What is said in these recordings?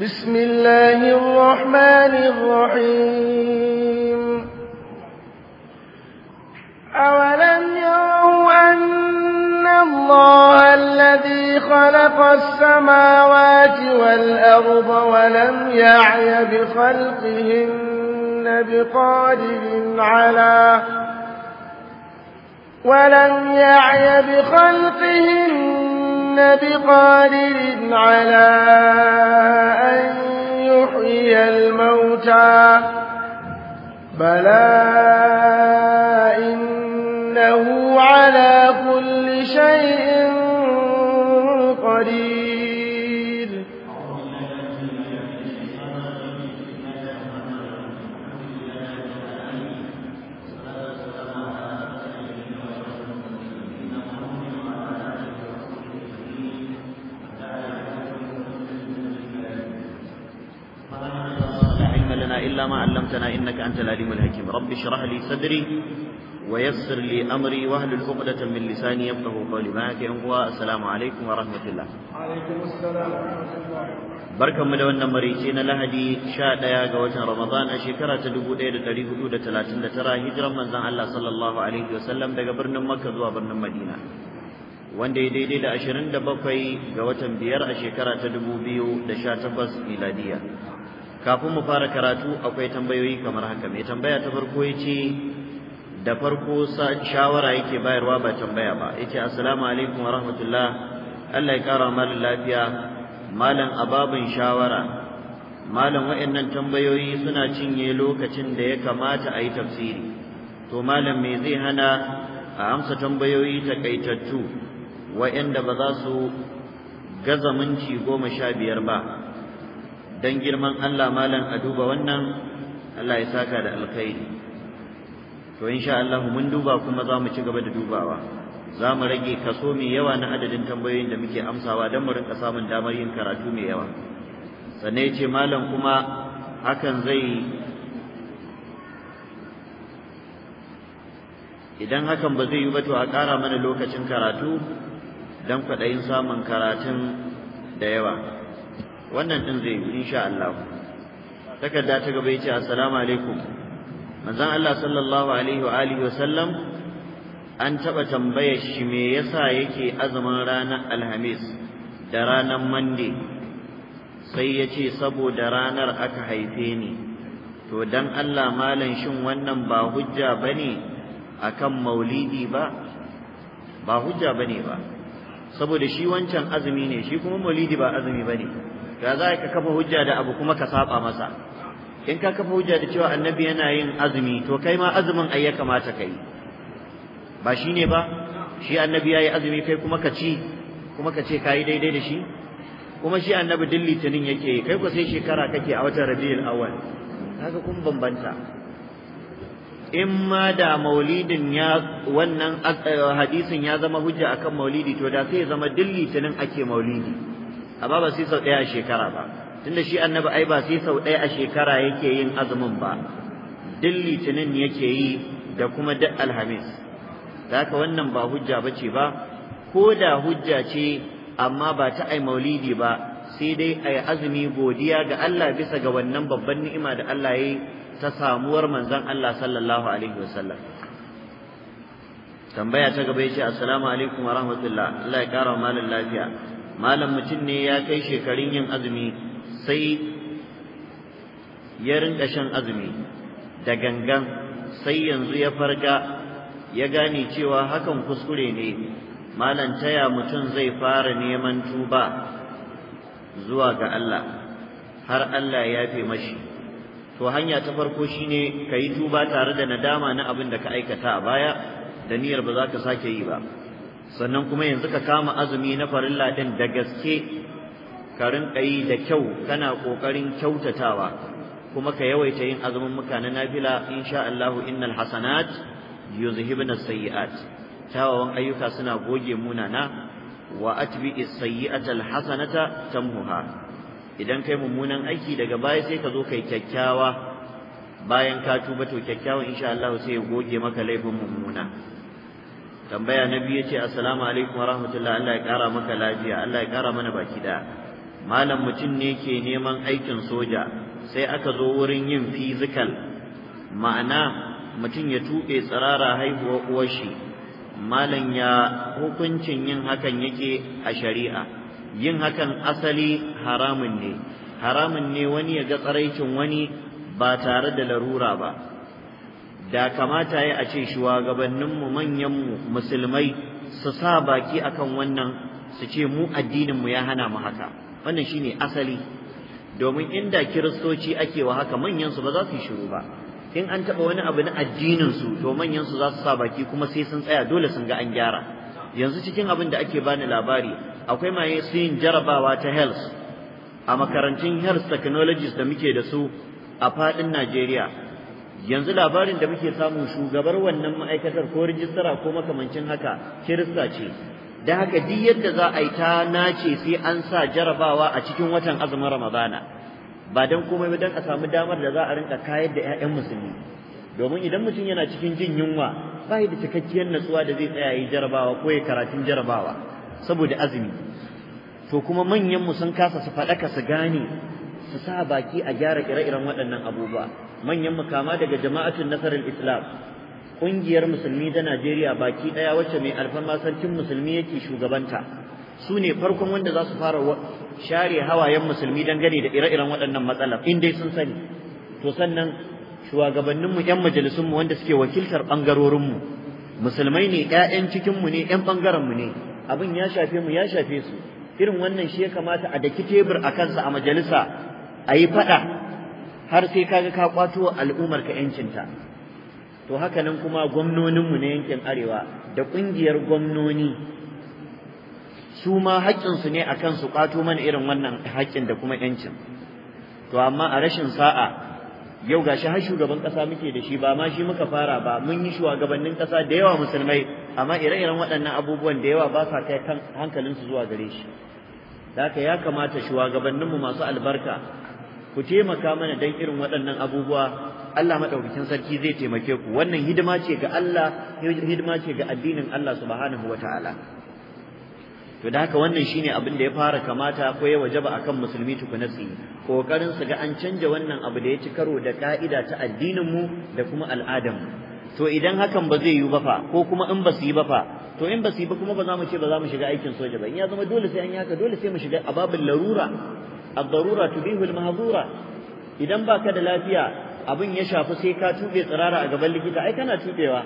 بسم الله الرحمن الرحيم أولم يروا أن الله الذي خلق السماوات والأرض ولم يعي بخلقهن بقادر على ولم يعي بخلقهن بقادر على أن يحيي الموتى بلى إنه على كل شيء قدير إلا ما علمتنا إنك أنت العليم الحكيم رب اشرح لي صدري ويسر لي أمري وأهل عقدة من لساني يفقه قولي معك أنقوى السلام عليكم ورحمة الله عليكم السلام ورحمة الله بركة ملوى النمري سينا لها دي شاد يا رمضان أشكرا تدبو ديد تريه دودة لاتن ترى هجرا من ذا الله صلى الله عليه وسلم دقى برن مكة دوا برن مدينة وان دي دي دي دا أشرن دا بيار أشكرا تدبو بيو دشا تبس ميلادية kafin mu fara karatu akwai tambayoyi kamar haka mai tambaya ta farko ya ce da farko shawara yake bayarwa ba tambaya ba ya ce assalamu alaikum wa rahmatullah Allah ya kara malin lafiya malam ababin shawara malam wa'annan tambayoyi suna cinye lokacin da ya kamata a yi tafsiri to malam mai zai hana a amsa tambayoyi takaitattu wa'anda ba za su gaza minti goma sha biyar ba dan girman Allah malam a duba wannan Allah ya saka da alkhairi to insha Allah mun duba kuma za mu ci gaba da dubawa za mu rage kaso mai yawa na adadin tambayoyin da muke amsawa don mu rinka samun damar yin karatu mai yawa sannan ya ce malam kuma hakan zai idan hakan ba zai yi ba to a ƙara mana lokacin karatu don kwaɗayin samun karatun da yawa wannan din zai yi insha Allah takarda ta gaba yace assalamu alaikum manzon Allah sallallahu alaihi wa alihi wa sallam an taba tambayar shi me yasa yake azumin ranar Alhamis da ranar Monday sai ya ce saboda ranar aka haife ni to dan Allah malam shin wannan ba hujja bane akan maulidi ba ba hujja bane ba saboda shi wancan azumi ne shi kuma maulidi ba azumi bane ya za ka kafa hujja da abu kuma ka saba masa in ka kafa hujja da cewa annabi yana yin azumi to kai ma azumin ai ya kamata kai ba shi ne ba shi annabi ya yi azumi kai kuma ka ci kuma ka ce ka yi daidai da shi kuma shi annabi duk litinin yake kai ku sai shekara kake a watan rabiul awwal kaga kun bambanta in ma da maulidin ya wannan eh, hadisin ya zama hujja akan maulidi to da sai ya zama duk litinin ake maulidi amma ba sai sau ɗaya a shekara ba tunda shi annabi ai ba sai sau ɗaya a shekara yake yin azumin ba duk litinin yake yi da kuma duk alhamis da wannan ba hujja ba ce ba ko da hujja ce amma ba ta ai maulidi ba sai dai ai azumi godiya ga Allah bisa ga wannan babban ni'ima da Allah ya yi ta samuwar manzon Allah sallallahu alaihi wasallam tambaya ta gaba yace assalamu alaikum wa rahmatullah Allah ya kara malin lafiya malam mutum ne ya kai shekarun yin azumi sai ya rinka shan azumi da gangan sai yanzu ya farga ya gane cewa hakan kuskure ne malam taya mutum zai fara neman tuba zuwa ga Allah har Allah ya fi mashi to hanya ta farko shine ka yi tuba tare da nadama na abin da ka aikata a baya da niyyar ba za ka sake yi ba sannan kuma yanzu ka kama azumi na farilla din da gaske ka rinka yi da kyau kana kokarin kyautatawa kuma ka yawaita yin azumin muka na nafila insha Allah innal hasanat yuzhibna sayi'at tawawan ayyuka suna goge munana wa atbi'is sayyi'ata al-hasanata tamhuha idan kai mummunan aiki daga baya sai ka zo kai kyakkyawa bayan ka tuba to kyakkyawan insha Allah sai ya goge maka laifin mummuna tambaya na biyu ce assalamu alaikum warahmatullahi Allah ya kara maka lafiya Allah ya kara mana baki da malam mutum ne ke neman aikin soja sai aka zo wurin yin physical ma'ana mutum ya tuɓe tsirara haihuwar shi. malam ya hukuncin yin hakan yake a shari'a yin hakan asali haramun ne haramun ne wani ya ga tsaraicin wani ba tare da larura ba da kamata ya a ce shugabanninmu manyanmu musulmai su sa baki akan wannan su ce mu addininmu ya hana mu haka wannan shine asali domin inda kiristoci ake wa haka manyansu ba za su shiru ba in an taɓa wani abu na addininsu to manyansu za su sa baki kuma sai sun tsaya dole sun ga an gyara yanzu cikin abin da ake bani labari akwai maye su yin jarabawa ta health a makarantun health technologies da muke da su a faɗin Najeriya yanzu labarin da muke samu shugabar wannan ma'aikatar ko rijistara ko makamancin haka kirista ce da haka duk yadda za a yi ta nace sai an sa jarabawa a cikin watan azumin ramadana ba dan komai ba dan a samu damar da za a rinka kayar da 'ya'yan musulmi domin idan mutum yana cikin jin yunwa ba da cikakkiyar natsuwa da zai tsaya yi jarabawa ko ya karatun jarabawa saboda azumi to kuma manyan mu sun kasa su faɗaka su gane su sa baki a gyara ire-iren waɗannan abubuwa manyan mukama daga jama'atun nasarar islam ƙungiyar musulmi ta najeriya baki ɗaya wacce mai alfarma sarkin musulmi yake shugabanta su ne farkon wanda za su fara share hawayen musulmi dangane da ire-iren waɗannan matsalar in dai sun sani to sannan shugabannin shugabanninmu 'yan majalisunmu wanda suke wakiltar bangarorin mu musulmai ne 'ya'yan mu ne 'yan mu ne abin ya shafe mu ya shafe su irin wannan shi ya kamata a daki tebur a kansa a majalisa a yi faɗa har sai kaga ka kwato al'umar ka yancinta to haka nan kuma gwamnoninmu na yankin arewa da ƙungiyar gwamnoni su ma haƙƙinsu ne akan su kwato mana irin wannan haƙƙin da kuma yancin to amma a rashin sa'a yau gashi har shugaban ƙasa muke da shi ba ma shi muka fara ba mun yi shugabannin ƙasa da yawa musulmai amma ire-iren waɗannan abubuwan da yawa ba sa kai hankalinsu zuwa gare shi da haka ya kamata shugabanninmu masu albarka ku taimaka mana dan irin waɗannan abubuwa Allah madaukakin sarki zai taimake ku wannan hidima ce ga Allah hidima ce ga addinin Allah subhanahu wataala to da haka wannan shine abin da ya fara kamata ko ya wajaba akan musulmi tukunatsi kokarin su ga an canja wannan abu da ya ci karo da ka'ida ta addinin mu da kuma al'adar mu to idan hakan ba zai yi ba fa ko kuma in ba su yi ba fa to in ba su yi ba kuma ba za mu ce ba za mu shiga aikin soja ba in ya zama dole sai an yi dole sai mu shiga ababin larura ad-darura tubihu al idan baka da lafiya abin ya shafi sai ka tube tsirara a gaban likita ai kana tubewa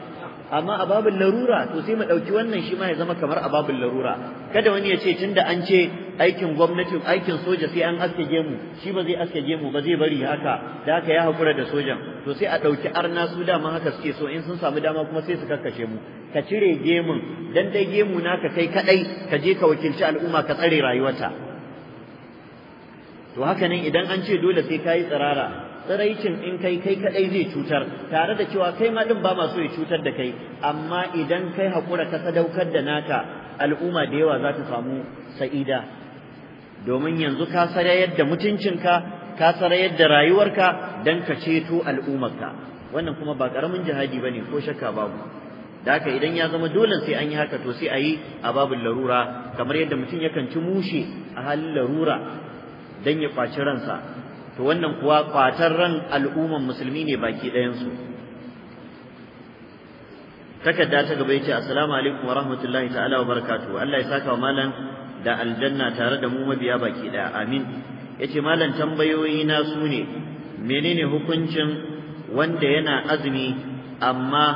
amma a babu larura to sai mu ɗauki wannan shi ma ya zama kamar a babin larura kada wani ya ce tunda an ce aikin gwamnati aikin soja sai an aske gemu shi ba zai aske gemu ba zai bari haka da haka ya haƙura da sojan to sai a ɗauki arna su dama haka suke so in sun samu dama kuma sai su kashe mu ka cire gemun dan dai gemu naka kai kadai ka je ka wakilci al'umma ka tsare rayuwarta to haka nan idan an ce dole sai kayi tsirara tsiraicin in kai kai kadai zai cutar tare da cewa kai ma din ba ma so ya cutar da kai amma idan kai hakura ka sadaukar da naka al'umma da yawa za ta samu sa'ida domin yanzu ka sarayar da mutuncinka ka sarayar da rayuwarka dan ka ceto al'ummarka wannan kuma ba karamin jihadi bane ko shakka babu da haka idan ya zama dole sai an yi haka to sai a yi a babin larura kamar yadda mutum yakan ci mushe a halin larura dan ya kwaci ransa to wannan kuwa kwatar ran al'umman musulmi ne baki ɗayansu. su takarda ta gaba yace assalamu alaikum wa rahmatullahi ta'ala wa barakatuh Allah ya saka wa malam da aljanna tare da mu mabiya baki ɗaya amin yace malam tambayoyi na su ne menene hukuncin wanda yana azumi amma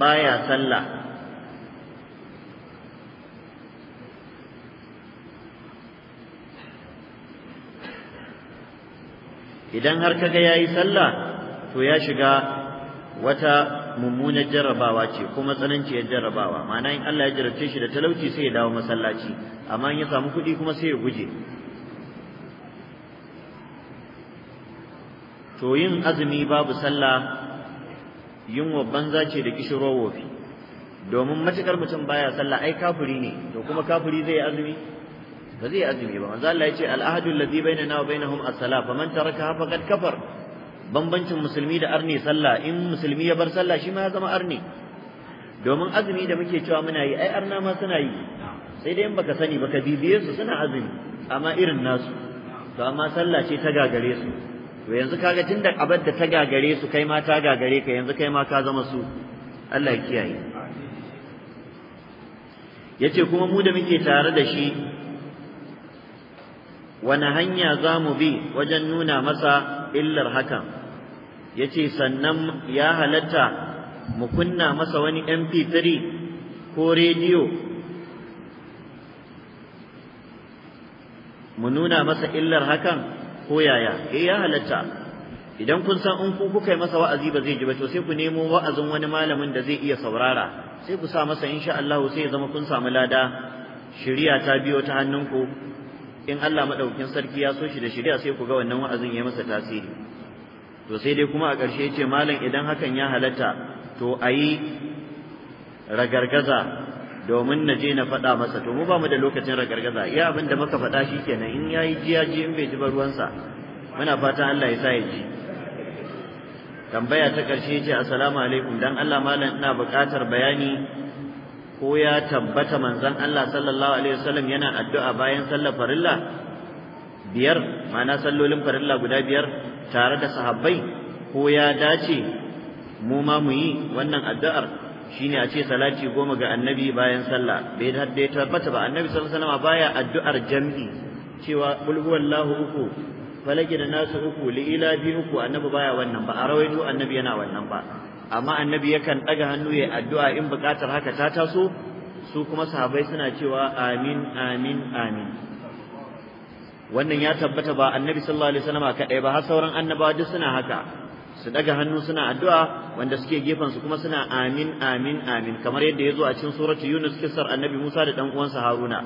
baya sallah idan har kaga yayi sallah to ya shiga wata mummunar jarrabawa ce kuma tsananciyar jarrabawa ma'ana in Allah ya jarrabce shi da talauci sai ya dawo masallaci amma in ya samu kuɗi kuma sai ya guje to yin azumi babu sallah yunwa banza ce da kishiro wofi domin matukar mutum baya sallah ai kafuri ne to kuma kafuri zai yi azumi ba zai azumi ba manzo Allah ya ce al'ahadu allazi bainana wa bainahum as-salah faman taraka faqad kafar bambancin musulmi da arni sallah in musulmi ya bar sallah shi ma ya zama arni domin azumi da muke cewa muna yi ai arna ma suna yi sai dai in baka sani baka bibiye su suna azumi amma irin nasu to amma sallah ce ta gagare su to yanzu kaga tunda abar da ta gagare su kai ma ta gagare ka yanzu kai ma ka zama su Allah ya kiyaye yace kuma mu da muke tare da shi wani hanya za mu bi wajen nuna masa illar hakan ya ce sannan ya halatta mu kunna masa wani mp3 ko rediyo mu nuna masa illar hakan ko yaya eh ya halatta idan kun san in ku kuka masa wa'azi ba zai ji ba to sai ku nemo wa'azin wani malamin da zai iya saurara sai ku sa masa insha Allah sai ya zama kun samu lada shiriya ta biyo ta hannunku in Allah madaukakin sarki ya so shi da shari'a sai ku ga wannan wa'azin ya masa tasiri to sai dai kuma a ƙarshe yace malam idan hakan ya halatta to ayi ragargaza domin na je na faɗa masa to mu ba mu da lokacin ragargaza iya abin da muka faɗa shi kenan in yayi yi ji in bai ji ba ruwansa muna fatan Allah ya sa ya ji tambaya ta ƙarshe ce assalamu alaikum dan Allah malam ina buƙatar bayani ko ya tabbata manzon Allah sallallahu alaihi wasallam yana addu'a bayan sallar farilla biyar mana sallolin farilla guda biyar tare da sahabbai ko ya dace mu ma mu yi wannan addu'ar shine a ce salati goma ga annabi bayan sallah bai da ya tabbata ba annabi sallallahu alaihi wasallam baya addu'ar jam'i cewa qul huwallahu uku falaki da nasu uku li'ila bi uku annabi baya wannan ba a rawaito annabi yana wannan ba amma annabi yakan ɗaga hannu ya addu'a in buƙatar haka ta taso su kuma sahabbai suna cewa amin amin amin wannan ya tabbata ba annabi sallallahu alaihi wasallam kaɗai ba har sauran annabawa duk suna haka su daga hannu suna addu'a wanda suke gefen su kuma suna amin amin amin kamar yadda ya zo a cikin suratu yunus kissar annabi musa da dan uwansa haruna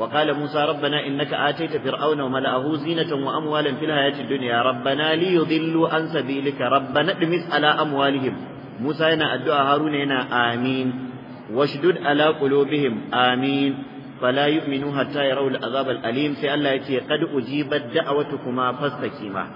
وقال موسى ربنا إنك آتيت فرعون وملأه زينة وأموالا في الحياة الدنيا ربنا ليضلوا عن سبيلك ربنا اطمس على أموالهم موسى هنا الدعاء هارون هنا آمين واشدد على قلوبهم آمين فلا يؤمنوا حتى يروا العذاب الأليم سي الله يتي قد أجيبت دعوتكما فاستقيما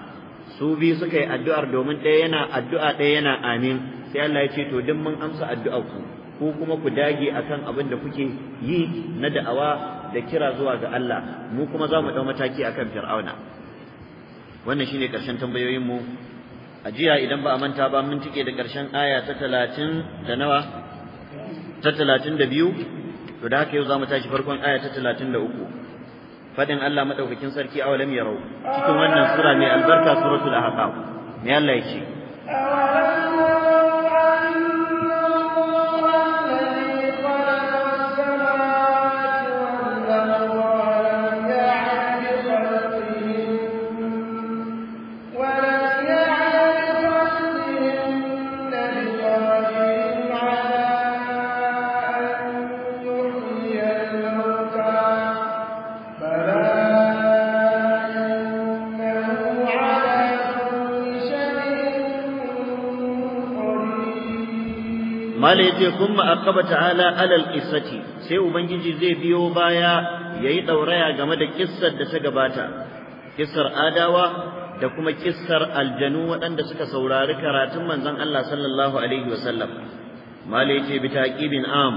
su biyu suka yi addu'ar domin ɗaya yana addu'a ɗaya yana amin sai Allah ya ce to duk mun amsa addu'ar ku ku kuma ku dage akan abin da kuke yi na da'awa da kira zuwa ga Allah mu kuma za mu ɗau mataki akan fir'auna wannan shine karshen tambayoyin mu a jiya idan ba a manta ba mun tike da karshen aya ta talatin da nawa ta talatin to da haka yau za mu tashi farkon aya ta talatin da faɗin Allah maɗaukakin sarki awalam yarau cikin wannan sura mai albarka suratul ahqaf me Allah ya ce yace ma aqaba ta'ala alal qissati sai ubangiji zai biyo baya yayi dauraya game da kissar da ta gabata kissar adawa da kuma kissar aljanu waɗanda suka saurari karatun manzon Allah sallallahu alaihi wasallam mala yace bi taqibin am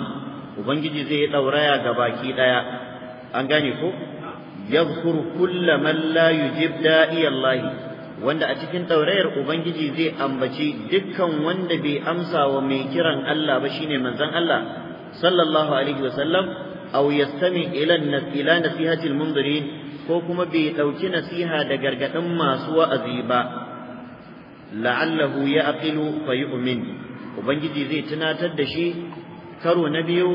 ubangiji zai dauraya ga baki daya an gane ko yadhkuru kulla man la yujib da'i wanda a cikin ɗaurayar ubangiji zai ambaci dukkan wanda bai amsa wa mai kiran Allah ba shine manzon Allah sallallahu alaihi wasallam aw yastami ila ila nasihatil ko kuma bai ɗauki nasiha da gargadin masu wa'azi ba la'allahu ya'qilu fa yu'min ubangiji zai tunatar da shi karo na biyu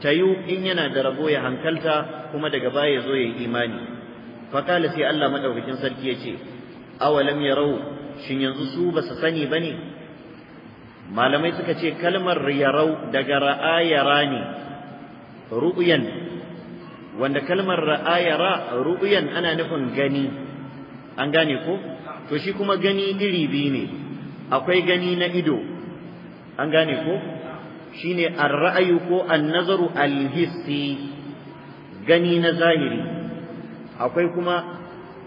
tayu in yana da rabo ya hankalta kuma daga baya zo ya imani fa kala sai Allah madaukakin sarki ya ce awalam yarau shin yanzu su ba su sani ne? malamai suka ce kalmar yarau daga ra'a ne ru'yan wanda kalmar ra'a yara ru'yan ana nufin gani an gane ko to shi kuma gani iri biyu ne akwai gani na ido an gane ko shine ar-ra'yu ko an-nazaru al-hissi gani na zahiri akwai kuma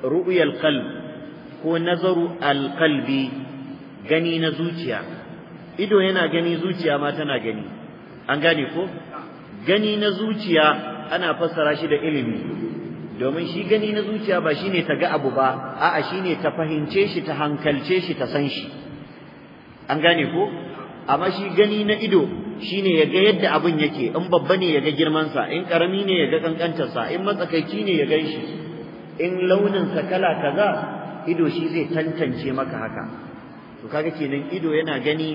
ru'yal qalb ko nazaru alqalbi gani na zuciya ido yana gani zuciya ma tana gani an gane ko gani na zuciya ana fassara shi da ilimi domin shi gani na zuciya ba shine ta ga abu ba a'a shine ta fahimce shi ta hankalce shi ta san shi an gane ko amma shi gani na ido shine ya ga yadda abin yake in babba ne ya ga girmansa in karami ne ya ga kankantarsa in matsakaici ne ya gan shi in launinsa kala kaza ido shi zai tantance maka haka to kaga kenan ido yana gani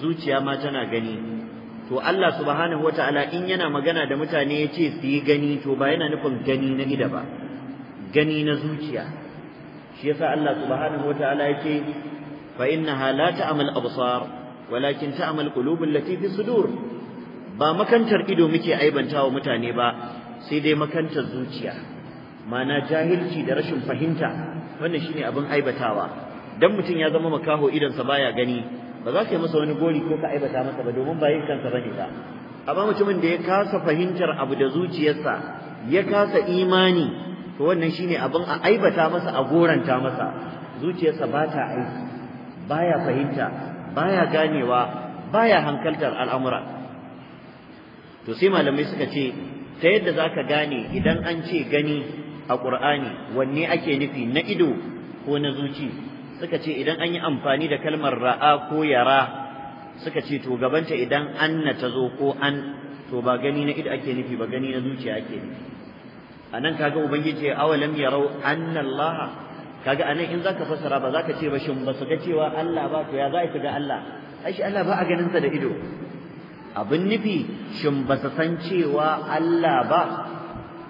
zuciya ma tana gani to Allah subhanahu wataala in yana magana da mutane yace ce su yi gani to ba yana nufin gani na ido ba gani na zuciya shi yasa Allah subhanahu wataala yake fa innaha la ta'mal absar walakin ta'mal qulubul lati fi sudur ba makantar ido muke aibantawa mutane ba sai dai makantar zuciya ma'ana jahilci da rashin fahimta wannan shine abin aibatawa dan mutum ya zama makaho idan sa baya gani ba za ka yi masa wani gori ko ka aibata masa ba domin ba yin kansa bane ba amma mutumin da ya kasa fahimtar abu da zuciyarsa ya kasa imani to wannan shine abin a aibata masa a goranta masa zuciyarsa ba ta aiki baya fahimta baya ganewa baya hankaltar al'amura to sai malamai suka ce ta yadda za ka gane idan an ce gani a Qur'ani wanne ake nufi na ido ko na zuci suka ce idan an yi amfani da kalmar ra'a ko yara suka ce to gabanta idan na ta zo ko an to ba gani na ido ake nufi ba gani na zuciya ake nufi A nan kaga ubangiji ya awalam yarau anna Allah kaga anan in zaka fasara ba zaka ce ba shin ba su ga cewa Allah ba to ya za ka ga Allah ai Allah ba a ganin sa da ido abin nufi shin ba su san cewa Allah ba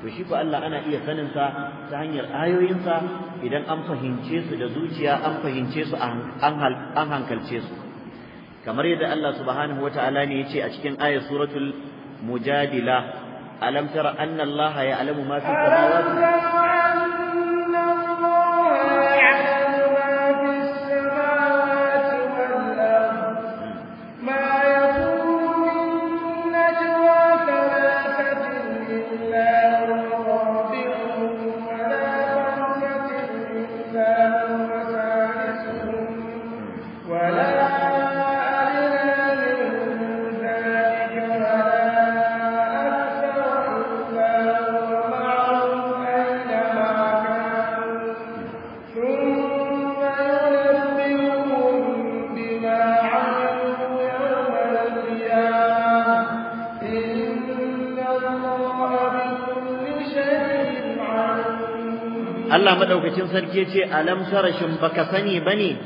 to shi ko Allah ana iya sanin sa ta hanyar ayoyinsa idan an fahimce su da zuciya an fahimce su an hankalce su kamar yadda Allah subhanahu wataala ne yace a cikin ayat suratul mujadila alam tara anna Allah ya'lamu ma fi samawati Allah madaukakin sarki ce alam tara shin baka sani bane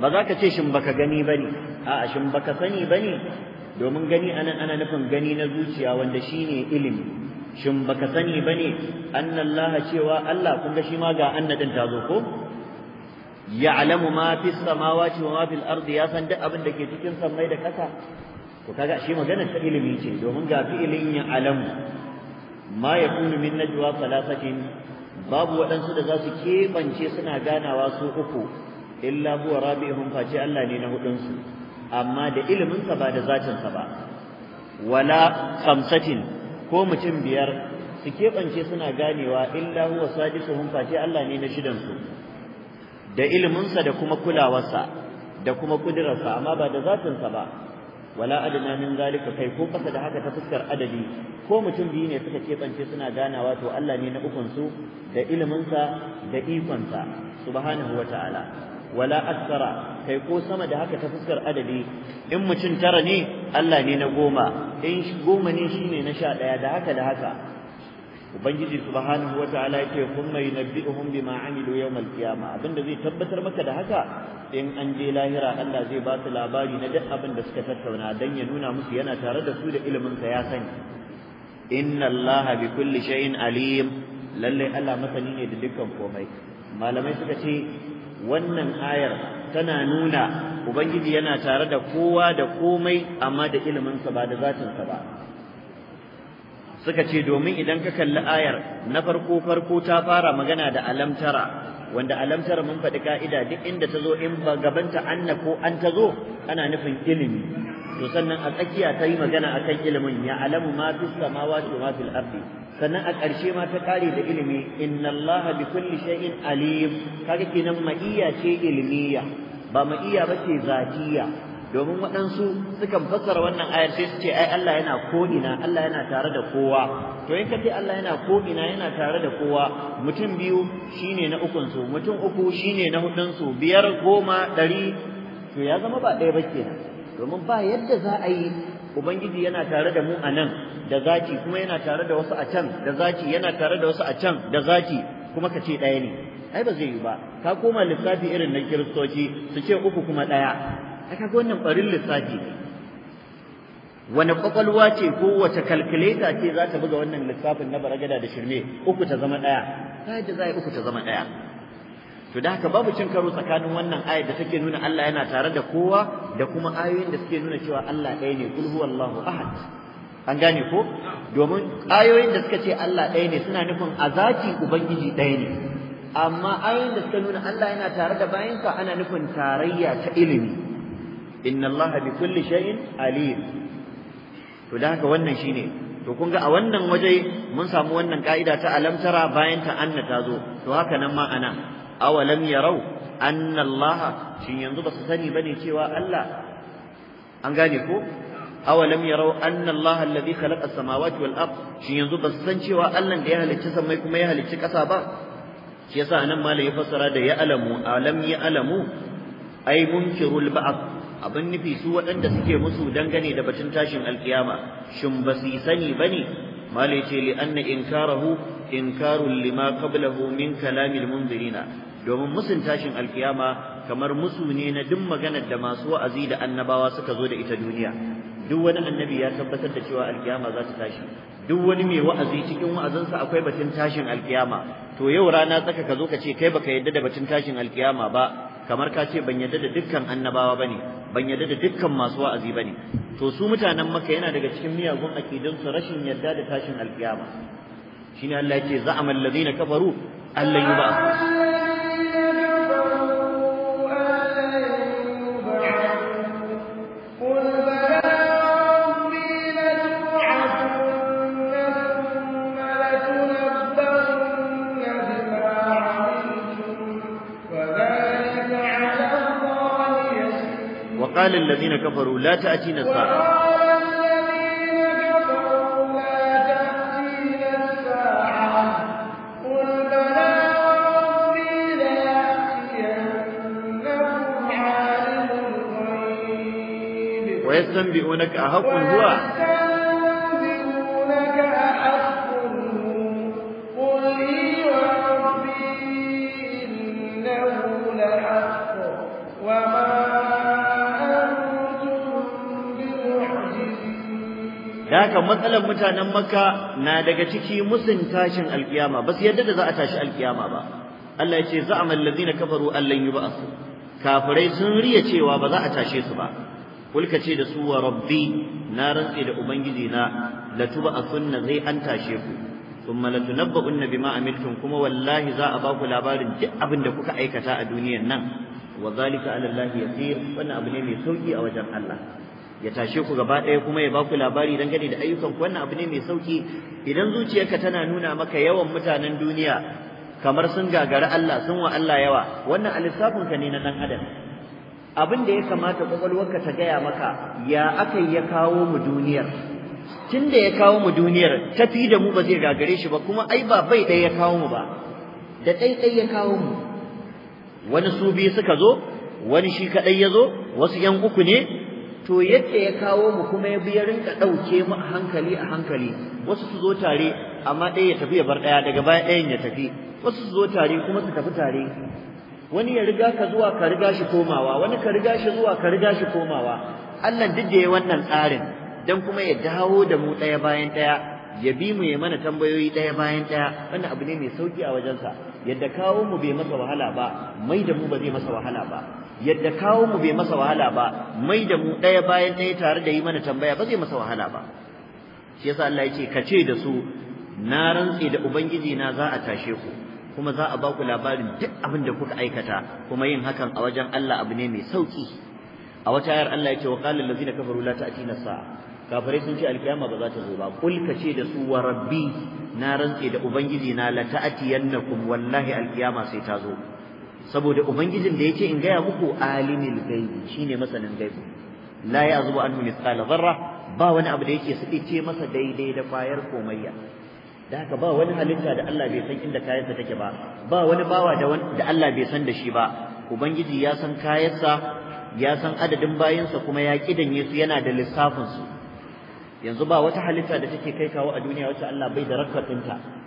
ba za ka ce shin baka gani bane a'a shin baka sani bane domin gani anan ana nufin gani na zuciya wanda shine ilimi shin baka sani bane annallaha cewa Allah kun ga shi ma ga annadin ta zo ko ya'lamu ma fi samawati wa ma fil ardi ya san duk abin da ke cikin samai da kasa to kaga shi magana ta ilimi ce domin ga ilimin ya'lamu ma yakunu min najwa thalathatin babu waɗansu da za su keɓance suna ganawa su uku illa huwa rabi'uhum face Allah ne na hudunsu amma da iliminsa ba da zacinsa ba wala khamsatin ko mutum biyar su keɓance suna ganewa illa huwa sadisuhum face Allah ne na shidansu da iliminsa da kuma kulawarsa da kuma kudurarsa amma ba da zacinsa ba wala adana min zalika kai ko kasa da haka ta fuskar adadi ko mutum biyu ne suka kebance suna ganawa to Allah ne na ukun su da iliminsa da ikonsa subhanahu ta'ala. wala aksara kai ko sama da haka ta fuskar adadi in mutum tara ne Allah ne na goma in goma ne shine na sha ɗaya da haka da haka ubangiji subhanahu wataala yake kuma yunabbi'uhum bima amilu yawmal qiyama abinda zai tabbatar maka da haka in an je lahira Allah zai ba su labari na duk abin da suka tattauna dan ya nuna musu yana tare da su da ilimin sa ya sani inna Allah bi kulli shay'in alim lalle Allah masani ne da dukkan komai malamai suka ce wannan ayar tana nuna ubangiji yana tare da kowa da komai amma da ilimin sa ba da zatin sa ba suka ce domin idan ka kalli ayar na farko farko ta fara magana da alamtara wanda alamtara mun faɗi ka'ida duk inda ta zo in ba gabanta anna ko an ta zo ana nufin ilimi to sannan a tsakiya ta yi magana a kan ilimin ya alamu ma fi samawati wa ma fil ardi sannan a ƙarshe ma ta ƙare da ilimi inna Allah bi kulli shay'in alim kaga kenan ma'iya ce ilmiya ba ma'iya ce zatiya domin waɗansu sukan fassara wannan ayar sai su ce ai Allah yana ko'ina Allah yana tare da kowa to in ka ce Allah yana ko'ina yana tare da kowa mutum biyu shine na ukun su mutum uku shine na hudun su biyar goma ɗari to ya zama ba ɗaya ba kenan domin ba yadda za a yi ubangiji yana tare da mu a nan da zaki kuma yana tare da wasu a can da zaki yana tare da wasu a can da zaki kuma ka ce ɗaya ne ai ba zai yi ba ka koma lissafi irin na kiristoci su ce uku kuma ɗaya aka ga wannan barin lissafi ne wani kwakwalwa ce ko wace kalkuleta ce za ta buga wannan lissafin na baragada da shirme uku ta zama ɗaya ta yadda za a yi uku ta zama ɗaya to da haka babu cin karo tsakanin wannan ayat da take nuna Allah yana tare da kowa da kuma ayoyin da suke nuna cewa Allah ɗaya ne kul huwallahu ahad an gane ko domin ayoyin da suka ce Allah ɗaya ne suna nufin a ubangiji ɗaya ne amma ayoyin da suka nuna Allah yana tare da bayinka ana nufin tarayya ta ilimi inna Allah bi kulli shay'in alim to da haka wannan shine to kun ga a wannan waje mun samu wannan ka'ida ta alam tara bayan ta anna ta zo to haka nan ma ana awalam yarau anna Allah shin yanzu ba su sani bane cewa Allah an gane ko awalam yarau anna Allah alladhi khalaqa as-samawati wal ard shin yanzu ba su san cewa Allah da ya halicci samai kuma ya halicci ƙasa ba shi yasa nan malai ya fassara da ya alamu alam ya alamu ay munkirul ba'd abin nufi su waɗanda suke musu dangane da batun tashin alkiyama shin ba su sani ba ne malai ce li anna inkarahu inkarun lima qablahu min kalamil munzirina domin musun tashin alkiyama kamar musu ne na duk maganar da masu wa'azi da annabawa suka zo da ita duniya duk wani annabi ya tabbatar da cewa alkiyama za ta tashi duk wani mai wa'azi cikin wa'azinsa akwai batun tashin alkiyama to yau rana tsaka ka zo ka ce kai baka yadda da batun tashin alkiyama ba kamar ka ce ban yarda da dukkan annabawa bane ban yarda da dukkan masu wa'azi bane to su mutanen maka yana daga cikin miyagun akidun su rashin yarda da tashin alkiyama shine Allah ya ce za'amal ladina kafaru allan yub'ath وقال الذين كفروا لا تأتينا الساعة ويستنبئونك أحق هو haka matsalar mutanen makka na daga ciki musun tashin alkiyama ba su yadda da za a tashi alkiyama ba Allah ya ce za'ama allazina kafaru allan yub'asu kafirai sun riya cewa ba za a tashe su ba kulka ce da su wa rabbi na rantse da ubangiji na latub'asunna zai an tashe ku thumma latunabba'unna bima amiltum kuma wallahi za a ba ku labarin duk abin da kuka aikata a duniyar nan wa zalika ala allahi yasir wannan abu ne mai sauki a wajen Allah ya tashe ku gaba ɗaya kuma ya baku labari dangane da ayyukan ku wannan abu ne mai sauki idan zuciyarka tana nuna maka yawan mutanen duniya kamar sun gagari Allah sun wa Allah yawa wannan a ka ne na dan adam abin da ya kamata kwakwalwarka ta gaya maka ya aka ya kawo mu duniyar tun da ya kawo mu duniyar tafi da mu ba zai gagare shi ba kuma ai ba bai ɗaya ya kawo mu ba da ɗaiɗai ya kawo mu wani su biyu suka zo wani shi kaɗai ya zo wasu ‘yan uku ne to yadda ya kawo mu kuma ya biya rinka ɗauke mu a hankali a hankali wasu su zo tare amma ɗaya ya tafi ya bar ɗaya daga baya ɗayan ya tafi wasu su zo tare kuma su tafi tare wani ya riga ka zuwa ka riga shi komawa wani ka riga shi zuwa ka riga shi komawa Allah duk da ya wannan tsarin dan kuma ya dawo da mu ɗaya bayan ɗaya ya bi mu ya mana tambayoyi ɗaya bayan ɗaya wannan abu ne mai sauki a wajensa yadda kawo mu bai masa wahala ba mai da mu ba zai masa wahala ba yadda kawo mu bai masa wahala ba mai da mu ɗaya bayan ɗaya tare da yi mana tambaya ba zai masa wahala ba shi yasa Allah ya ce ka ce da su na rantse da ubangiji na za a tashe ku kuma za a ba ku labarin duk abin da kuka aikata kuma yin hakan a wajen Allah abu ne mai sauki a wata ayar Allah ya ce wa qala allazina kafaru la ta'tina sa'a kafare sun ce alkiyama ba za ta zo ba kul ka ce da su wa rabbi na rantse da ubangiji na la ta'tiyannakum wallahi alkiyama sai ta zo saboda ubangijin da yake in gaya muku alimul gaibi shine masanin gaibi la ya ya'zubu anhu mithqala dharra ba wani abu da yake saki ce masa daidai da bayar komayya da haka ba wani halitta da Allah bai san inda kayansa take ba ba wani bawa da da Allah bai san da shi ba ubangiji ya san kayansa ya san adadin bayansa kuma ya kidanye su yana da lissafin su yanzu ba wata halitta da take kai kawo a duniya wacce Allah bai da rakkatinta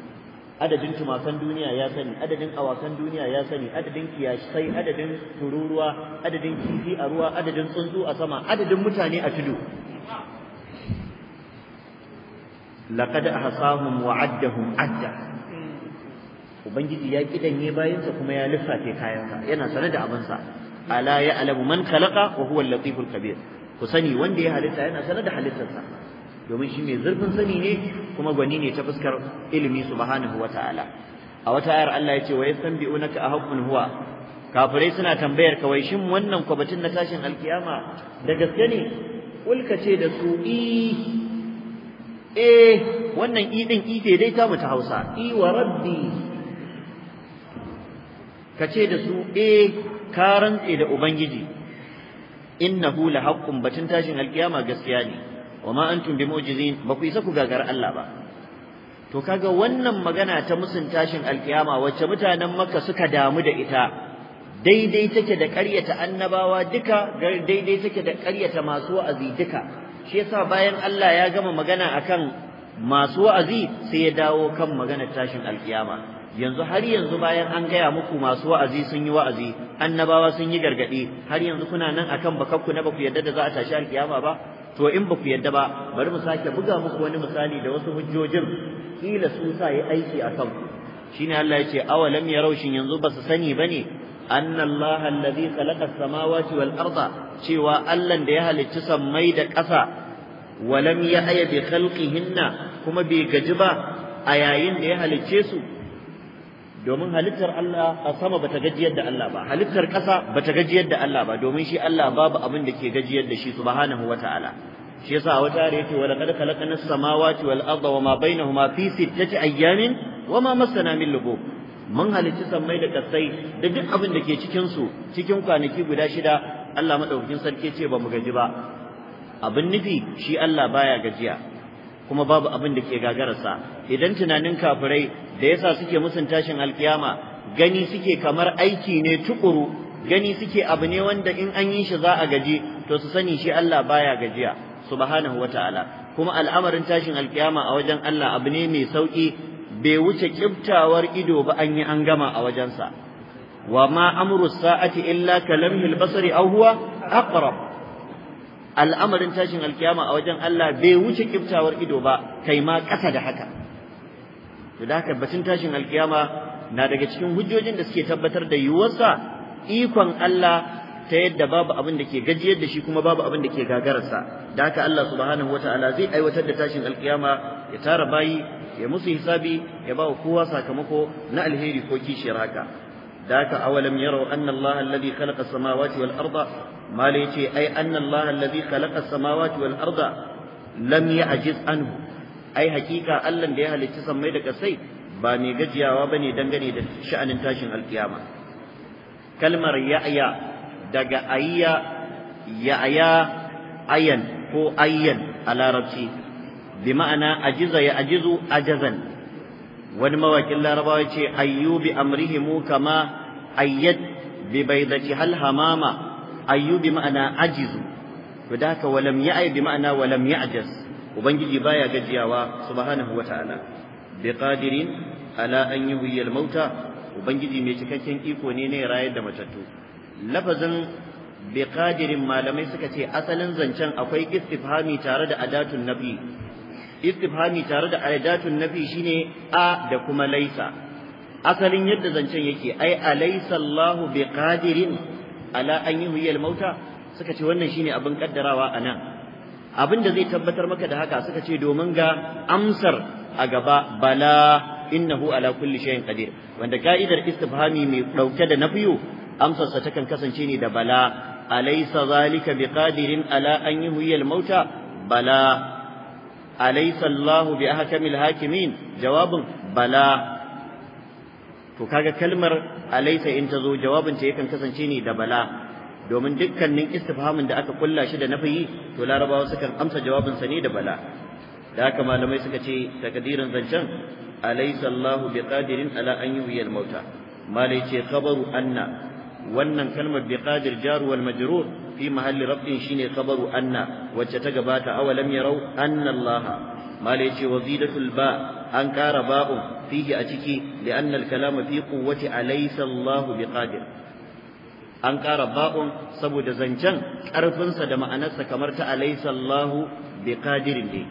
adadin tumakan duniya ya sani adadin awakan duniya ya sani adadin kiyasai, adadin tururuwa adadin kifi a ruwa adadin tsuntsu a sama adadin mutane a tudu laqad ahsahum wa addahum adda ubangiji ya kidanye bayinsa kuma ya lissafe kayansa yana sane da abinsa ala ya'lamu man khalaqa wa huwa al-latiful kabir ku sani wanda ya halitta yana sane da halittarsa domin shi mai zurfin sani ne kuma gwani ne ta fuskar ilimi subhanahu wataala a wata ayar Allah ya ce wa yastanbi'unaka ahaqqun huwa kafirai suna tambayar kawai shin wannan kwabatin na tashin alkiyama da gaske ne Ulka ce da su i eh wannan i din i dai ta mu ta Hausa i wa rabbi ce da su eh ka rantse da ubangiji innahu lahaqqun batun tashin alkiyama gaskiya ne wa ma antum bimu'jizin ba ku isa ku gagara Allah ba to kaga wannan magana ta musun tashin alkiyama wacce mutanen makka suka damu da ita daidai take da ƙaryata annabawa duka daidai take da ƙaryata masu wa'azi duka shi yasa bayan Allah ya gama magana akan masu wa'azi sai ya dawo kan magana tashin alkiyama yanzu har yanzu bayan an gaya muku masu wa'azi sun yi wa'azi annabawa sun yi gargaɗi har yanzu kuna nan akan bakakku na baku yarda da za a tashi alkiyama ba to in ba ku yadda ba bari mu sake buga muku wani misali da wasu hujjojin kila su sa yi aiki a kan ku shine Allah ya ce awalam yarau shin yanzu ba su sani bane anna Allah alladhi khalaqa as-samawati wal arda cewa Allah da ya halicci sammai da ƙasa walam ya aya bi khalqihinna kuma bai gaji ba a yayin da ya halicce su domin halittar Allah a sama bata gajiyar da Allah ba halittar ƙasa bata gajiyar da Allah ba domin shi Allah babu abin da ke gajiyar da shi subhanahu wataala shi yasa wata ayar yake wa laqad khalaqna as-samawati wal arda ma bainahuma fi sittati ayyamin wama massana min lugub mun halicci sammai da kasai da duk abin da ke cikin su cikin kwanaki guda shida Allah madaukakin sarki ce ba mu gaji ba abin nufi shi Allah baya gajiya kuma babu abin da ke gagararsa idan tunanin kafirai da yasa suke musun tashin alkiyama gani suke kamar aiki ne tukuru gani suke abu ne wanda in an yi shi za a gaji to su sani shi Allah baya gajiya subhanahu wataala kuma al'amarin tashin alkiyama a wajen Allah abu ne mai sauki bai wuce kiftawar ido ba an yi an gama a wajensa wa ma amru sa'ati illa kalamhil basari aw huwa aqrab al'amarin tashin alkiyama a wajen Allah bai wuce kiftawar ido ba kai ma kasa da haka to da haka batun tashin alkiyama na daga cikin hujjojin da suke tabbatar da yiwuwarsa ikon Allah ta yadda babu abin da ke gajiyar da shi kuma babu abin da ke gagararsa da haka Allah subhanahu wataala zai aiwatar da tashin alkiyama ya tara bayi ya musu hisabi ya ba kowa sakamako na alheri ko kishiyar haka da haka awalam yarau anna Allah alladhi khalaqa as-samawati wal arda mala yace ai anna Allah alladhi khalaqa samawati wal arda lam ya'jiz anhu ai hakika Allah da ya halicci sammai da kasai ba ne gajiyawa bane dangane da sha'anin tashin alkiyama kalmar ya'ya daga ayya ya'ya ayan ko ayyan a larabci bi ma'ana ajiza ya ajizu ajazan wani mawakin larabawa ce ayyubi amrihimu kama ayyad bi baydati hal hamama ayyubi ma'ana ajizu to walam ya'ya bi ma'ana walam ya'jaz ubangiji baya gajiyawa subhanahu wata'ala biqadirin ala an yuhyil mauta ubangiji mai cikakken iko ne ne rayar da matattu lafazin biqadirin malamai suka ce asalin zancen akwai istifhami tare da adatun nafi istifhami tare da adatun nabi shine a da kuma laisa asalin yadda zancen yake ai alaysa Allahu biqadirin ala an yuhyil mauta suka ce wannan shine abin kaddarawa anan abin da zai tabbatar maka da haka suka ce domin ga amsar a gaba bala innahu ala kulli shay'in qadir wanda ka'idar istifhami mai dauke da nafiyu amsarsa takan kasance ne da bala alaysa zalika biqadirin ala an yuhyiya mauta bala alaysa Allah bi ahkamil hakimin jawabin bala to kaga kalmar alaysa in zo jawabin ta yakan kasance ne da bala domin dukkanin istifhamin da aka kulla shi da nafi to larabawa sukan amsa jawabin sa ne da bala da haka malamai suka ce takdirin zancen alaysa Allahu biqadirin ala an yuhyil mauta malai ce khabaru anna wannan kalmar biqadir jar wal majrur fi mahalli rabbin shine khabaru anna wacce ta gabata awalam yarau anna Allah malai ce wazidatul ba an kara ba'u fihi a ciki li'anna al kalama fi quwwati alaysa biqadir an ƙara ba'un saboda zancen ƙarfinsa da ma'anarsa kamar ta alaisallahu Allahu bi qadirin ne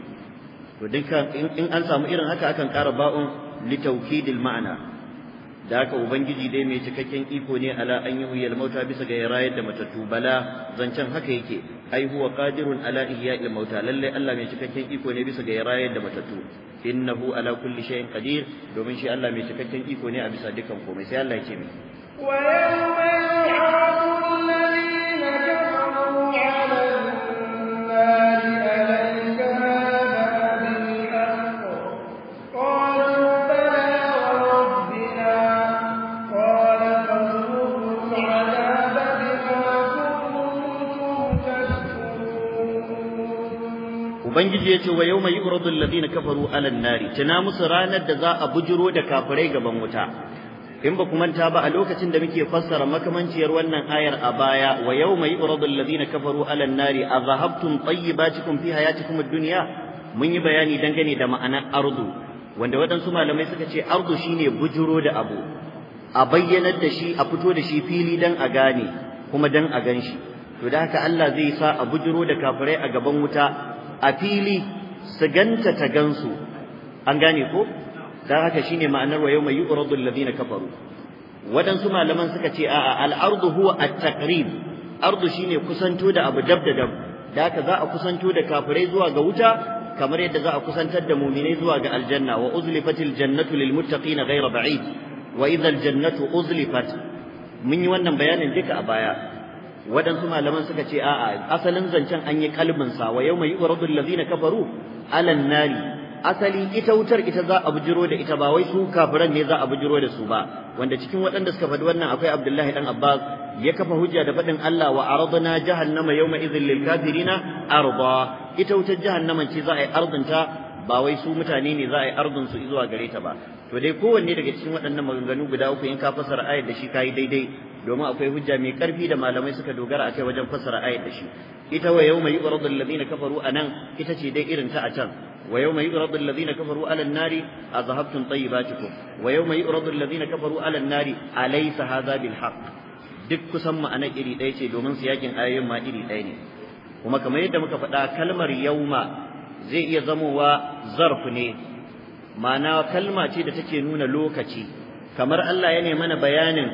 to dukkan in an samu irin haka akan ƙara ba'un li ma'ana da haka ubangiji dai mai cikakken iko ne ala an yi huyal mauta bisa ga rayar da matattu bala zancen haka yake ai huwa qadirun ala ihya'il mauta lalle Allah mai cikakken iko ne bisa ga rayar da matattu innahu ala kulli shay'in qadir domin shi Allah mai cikakken iko ne a bisa dukkan komai sai Allah ya mai ubangiji ya ce wa yau mai yuradul ladina kafaru alan nari tana musu ranar da za a bujiro da kafirai gaban wuta in ba ku manta ba a lokacin da muke fassara makamanciyar wannan ayar a baya wa yau mai yu'radu alladhina kafaru 'ala an-nari adhahabtum tayyibatikum fi hayatikum kuma duniya? mun yi bayani dangane da ma'anar ardu wanda waɗansu malamai suka ce ardu shine bujuro da abu a bayyanar da shi a fito da shi fili dan a gane kuma dan a gan shi to da haka Allah zai sa a bujuro da kafirai a gaban wuta a fili su ganta ta gansu an gane ko dan haka shine ma'anar wa yawma yu'radu alladhina kafaru waɗansu malaman suka ce a'a al-ardu huwa at-taqrib ardu shine kusanto da abu dab dab da haka za a kusanto da kafirai zuwa ga wuta kamar yadda za a kusantar da muminai zuwa ga aljanna wa uzlifatil jannatu lil muttaqina ghayra ba'id wa idhal jannatu uzlifat mun yi wannan bayanin duka a baya waɗansu malaman suka ce a'a asalin zancen an yi kalbin sa wa yawma yu'radu allazina kafaru alan nari asali ita wutar ita za a bujiro da ita ba wai su kafiran ne za a bujiro da su ba wanda cikin waɗanda suka faɗi wannan akwai Abdullahi dan Abbas ya kafa hujja da faɗin Allah wa aradna jahannama yawma idhil lil kafirina arda ita wutar jahannama ce za a yi ta ba wai su mutane ne za a yi ardun su zuwa gare ta ba to dai kowanne daga cikin waɗannan maganganu guda uku in ka fasara ayat da shi kayi daidai domin akwai hujja mai ƙarfi da malamai suka dogara akai wajen fasara ayat da shi ita wa yawma yu'radu alladhina kafaru anan ita ce dai irin ta a can ويوم يعرض الذين كفروا على النار أذهبتم طيباتكم ويوم يعرض الذين كفروا على النار أليس هذا بالحق duk kusan ma'ana iri ɗaya ce domin su yakin ayoyin ma iri ɗaya ne kuma kamar yadda muka faɗa kalmar yauma zai iya zamowa zarf ne ma'ana kalma ce da take nuna lokaci kamar Allah ya ne mana bayanin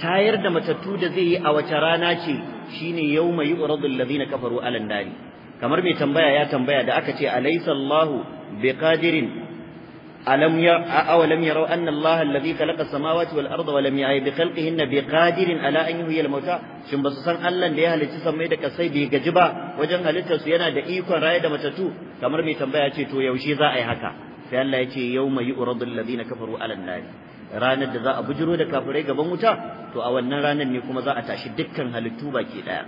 tayar da matattu da zai yi a wace rana ce shine yauma yu'radu alladhina kafaru 'alan nari kamar mai tambaya ya tambaya da aka ce alaysa Allahu biqadirin ألم ير... أولم يروا أن الله الذي خلق السماوات والأرض ولم يعي بخلقهن ala على أن يحيي الموتى شن بس san Allah da ya halicci sammai da kasai bai gaji ba wajen halittar su yana da ikon raye da matatu kamar mai tambaya ce to yaushe za a yi haka sai Allah ya ce yawma yu'radu alladhina kafaru ala an ranar da za a bujiro da kafirai gaban wuta to a wannan ranar ne kuma za a tashi dukkan halittu baki daya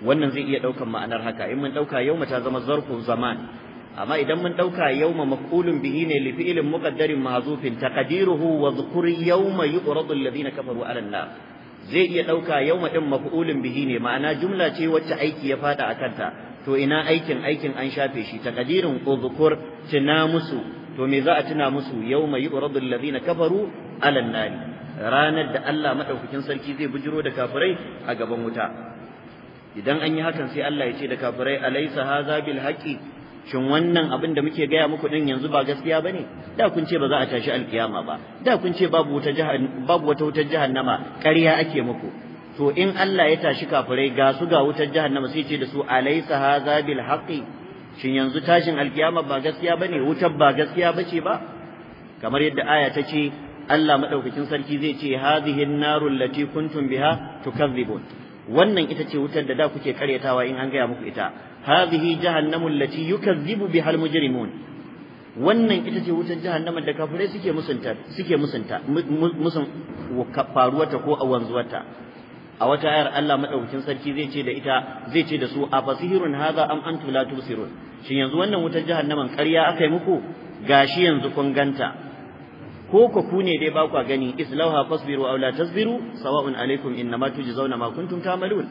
wannan zai iya ɗaukan ma'anar haka in mun ɗauka yauma ta zama zarfu zaman amma idan mun ɗauka ma maf'ulun bihi ne li fi'lin muqaddarin mahzufin taqdiruhu wa dhkur yauma yuqradu alladhina kafaru 'ala na zai iya ɗauka ma din maf'ulun bihi ne ma'ana jumla ce wacce aiki ya fada a kanta to ina aikin aikin an shafe shi taqdirin udhkur tuna musu to me za a tuna musu yauma yuqradu alladhina kafaru 'ala an ranar da Allah madaukakin sarki zai bujiro da kafirai a gaban wuta idan an yi hakan sai Allah ya ce da kafirai alaysa hadha bil haqi shin wannan abin da muke gaya muku din yanzu ba gaskiya bane da kun ce ba za a tashi alkiyama ba da kun ce babu wata babu wata wutar jahannama ƙarya ake muku to in Allah ya tashi kafirai ga su ga wutar jahannama sai ce da su alaysa hadha bil haqi shin yanzu tashin alkiyama ba gaskiya bane wutar ba gaskiya bace ba kamar yadda aya ta ce Allah madaukakin sarki zai ce hadhihi an-naru allati kuntum biha tukazzibun wannan ita ce wutar da da kuke karyatawa in an gaya muku ita hadhihi jahannamu allati yukazzibu bihal mujrimun wannan ita ce wutar jahannama da kafirai suke musunta suke musunta musun faruwarta ko a wanzuwarta a wata ayar Allah madaukakin sarki zai ce da ita zai ce da su a fasihirun hadha am antum la tusirun shin yanzu wannan wutar jahannaman ƙarya aka yi muku gashi yanzu kun ganta ko ku ku ne dai ba ku gani islauha fasbiru aw la tasbiru sawa'un alaikum innama tujzauna ma kuntum ta'malun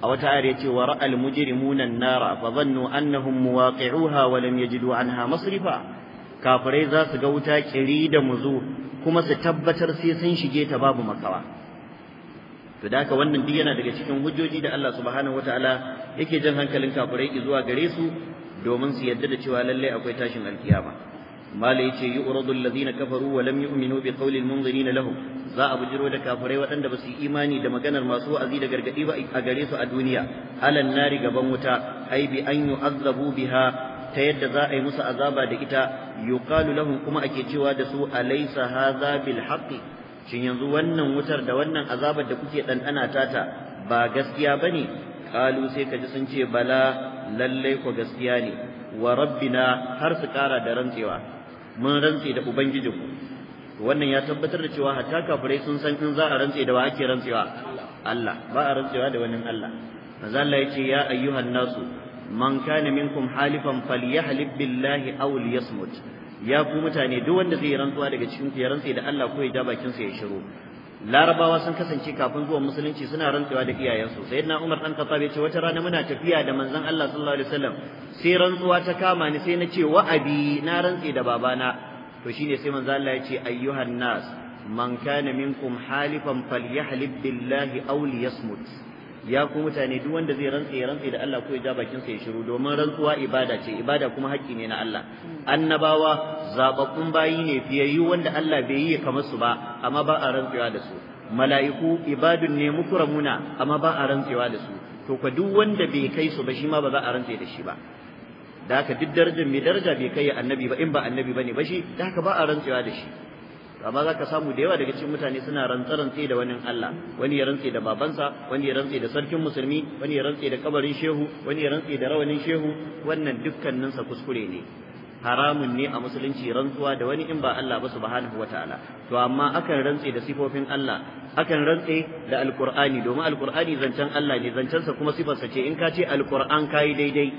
a wata ayar yace wa ra'al mujrimuna an-nara fa dhannu annahum muwaqi'uha wa lam yajidu anha masrifa kafirai za su ga wuta kiri da muzu kuma su tabbatar sai sun shige ta babu makawa to da haka wannan duk yana daga cikin hujjoji da Allah subhanahu wataala yake jan hankalin kafirai zuwa gare su domin su yarda da cewa lallai akwai tashin alkiyama ما lazina kafaru wa كفروا ولم يؤمنوا بقول المنظرين lahu za a bujiro da kafirai waɗanda ba su yi imani da maganar masu wa'azi da gargaɗi ba a gare su a duniya halan nari gaban wuta ai bi an yu'azzabu biha ta yadda za a yi musu azaba da ita yuqalu lahum kuma ake cewa da su alaysa hadha bil haqqi shin yanzu wannan wutar da wannan azabar da kuke ɗanɗana tata ba gaskiya bane kalu sai kaji sun ce bala lallai ko gaskiya ne wa rabbina har su kara da rantsewa mun rantse da ubangijinmu. wannan ya tabbatar da cewa hatta kafirai sun san in za a rantse da wa ake rantsewa Allah ba a rantsewa da wani Allah manzo Allah yace ya ayyuhan nasu man kana minkum halifan falyahlib billahi aw liyasmut ya ku mutane duk wanda zai rantsuwa daga cikin ku ya rantse da Allah ko ya ja bakin sa ya shiru larabawa sun kasance kafin zuwan musulunci suna rantsewa da iyayensu sayyidina umar dan khattab ce wata rana muna tafiya da manzon Allah sallallahu alaihi wasallam sai rantsuwa ta kama ni sai na ce wa abi na rantse da babana to shine sai manzo Allah ya ce ayyuhan nas man kana minkum halifan falyahlib billahi aw liyasmut ya ku mutane duk wanda zai rantse ya rantse da Allah ko ya ja bakin sa ya shiru domin rantsuwa ibada ce ibada kuma haƙƙi ne na Allah annabawa zababbun bayi ne fiyayyu wanda Allah bai yi kamar su ba amma ba a rantsewa da su mala'iku ibadun ne mukramuna amma ba a rantsewa da su to ka duk wanda bai kai su ba shi ma ba za a rantse da shi ba da haka duk darajar mai daraja bai kai annabi ba in ba annabi bane ba shi da haka ba a rantsewa da shi amma zaka samu da yawa daga cikin mutane suna rantsa rantsi da wani Allah wani ya rantsi da babansa wani ya rantsi da sarkin musulmi wani ya rantsi da kabarin shehu wani ya rantsi da rawanin shehu wannan dukkaninsa kuskure ne haramun ne a musulunci rantsuwa da wani in ba Allah ba subhanahu wataala to amma akan rantsi da sifofin Allah akan rantsi da alqur'ani domin alqur'ani zancen Allah ne zancensa kuma sifarsa ce in ka ce alqur'an kai daidai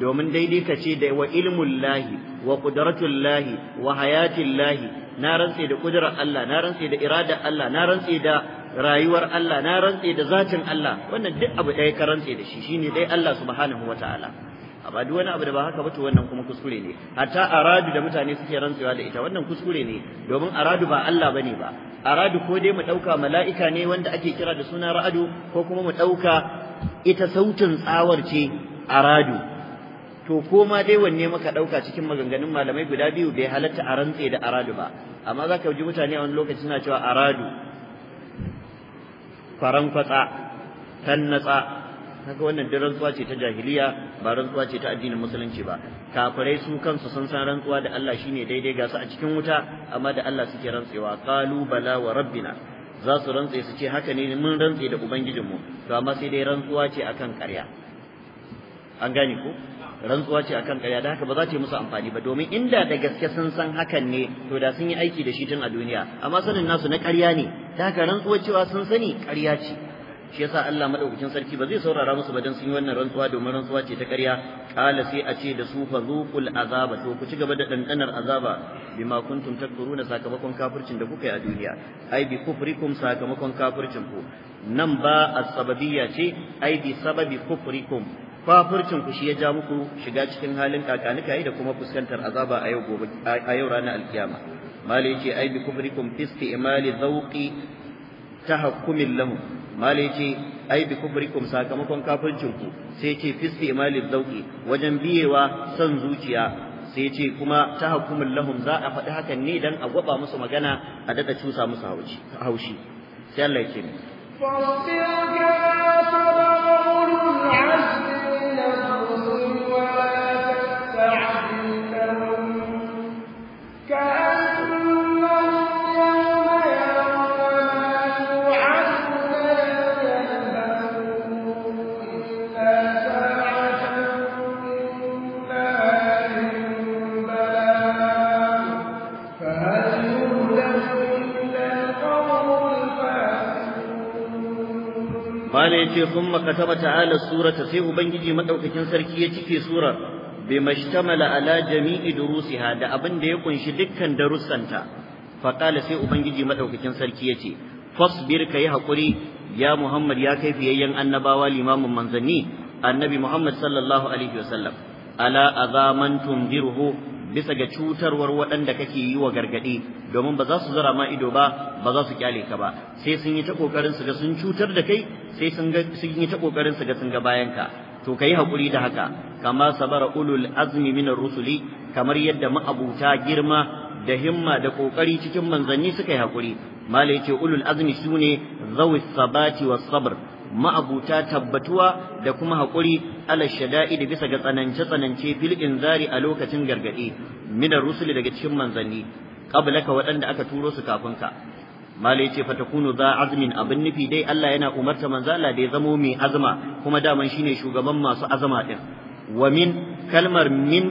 domin daidai ka ce da wa ilmun lahi wa qudratun lahi wa hayatin lahi na rantse da kudurar Allah na rantse da iradar Allah na rantse da rayuwar Allah na rantse da zatin Allah wannan duk abu ɗaya ka rantse da shi shine dai Allah subhanahu wataala amma duk wani abu da ba haka ba to wannan kuma kuskure ne hatta aradu da mutane suke rantsewa da ita wannan kuskure ne domin aradu ba Allah bane ba aradu ko dai mu ɗauka mala'ika ne wanda ake kira da suna ra'adu ko kuma mu ɗauka ita sautin tsawar ce aradu to ko ma dai wanne muka ɗauka cikin maganganun malamai guda biyu bai halatta a rantse da aradu ba amma za ji mutane a wani lokaci suna cewa aradu kan tannatsa kaga wannan duk rantsuwa ce ta jahiliya ba rantsuwa ce ta addinin musulunci ba kafirai su kansu sun san rantsuwa da Allah shine daidai ga su a cikin wuta amma da Allah suke rantsewa qalu bala wa rabbina za su rantse su ce haka ne mun rantse da ubangijinmu to amma sai dai rantsuwa ce akan karya. an gane ko rantsuwa ce akan ƙarya da haka ba za ta yi musu amfani ba domin inda da gaske sun san hakan ne to da sun yi aiki da shi tun a duniya amma sanin nasu na ƙarya ne da haka rantsuwa cewa sun sani ƙarya ce shi yasa Allah madaukakin sarki ba zai saurara musu ba dan sun yi wannan rantsuwa domin rantsuwa ce ta ƙarya qala sai a ce da su fa zuqul azaba to ku ci gaba da dandanar azaba bima kuntum takfuruna sakamakon kafircin da kuka yi a duniya ai bi kufrikum sakamakon kafircin ku nan ba as-sababiyya ce ai bi sababi kufrikum kafircin ku shi ya ja muku shiga cikin halin kakanikai da kuma fuskantar azaba a yau gobe a yau ranar alkiyama mali yace ai bi kufrikum fi istimali dhawqi tahakkumin lahu mali yace ai bi kufrikum sakamakon kafircin ku sai yace fi istimali dhawqi wajen biyewa son zuciya sai yace kuma tahakkumin lahum za a faɗi hakan ne dan a gwaba musu magana a dada cusa musu haushi haushi sai Allah yake ne فاصبر كما صبر العزم لهم yace thumma ta ta'ala surata sai ubangiji madaukakin sarki ya cike surar bimashtamala ala jami'i durusiha da abin da ya kunshi dukkan darussanta fa qala sai ubangiji madaukakin sarki yace fasbir kai hakuri ya muhammad ya kai fiyayyen annabawa limamin manzanni annabi muhammad sallallahu alaihi wasallam ala azaman tundirhu bisa ga cutarwar waɗanda kake yi wa gargaɗi domin ba za su zara ma ido ba ba za su kyale ka ba sai sun yi ta kokarin su ga sun cutar da kai sai sun yi ta ƙoƙarin su ga sun ga bayan ka to kai hakuri da haka kama sabara ulul azmi minar rusuli kamar yadda ma'abuta girma da himma da ƙoƙari cikin manzanni suka yi hakuri mala ce ulul azmi sune zawis sabati was sabr ma'abuta tabbatuwa da kuma haƙuri ala shada'id bisa ga tsanance tsanance fil inzari a lokacin gargadi min rusuli daga cikin manzanni qablaka waɗanda aka turo su kafin ka malai ce fatakunu za azmin abin nufi dai Allah yana umarta manzo Allah da ya zamo mai azma kuma daman shine shugaban masu azama din wa min kalmar min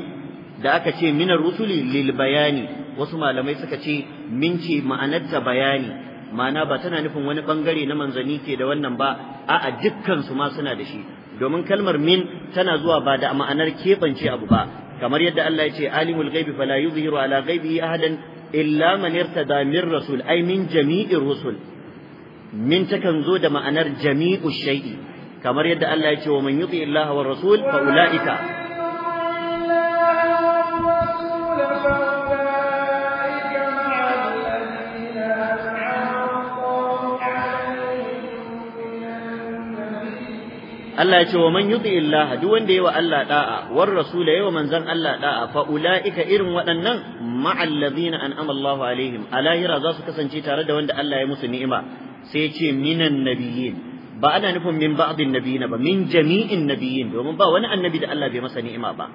da aka ce minar rusuli lil bayani wasu malamai suka ce min ce ma'anarta bayani ma'ana ba tana nufin wani bangare na manzanni ke da wannan ba a'a dukkan su ma suna da shi domin kalmar min tana zuwa ba da ma'anar keɓance abu ba kamar yadda Allah ya ce alimul ghaibi fala yuzhiru ala ghaibihi ahadan illa man irtada min rasul ai min jami'ir rusul min takan zo da ma'anar jami'u shay'i kamar yadda Allah ya ce wa man yuti Allah wa rasul fa ulaika Allah ya ce wa man yuti illaha duk wanda yayi Allah da'a war rasul yayi wa manzon Allah da'a fa ulaika irin waɗannan ma'al ladina an'ama Allahu alaihim alahira za su kasance tare da wanda Allah ya musu ni'ima sai ce minan nabiyyin ba ana nufin min ba'din nabiyina ba min jami'in nabiyyin domin ba wani annabi da Allah bai masa ni'ima ba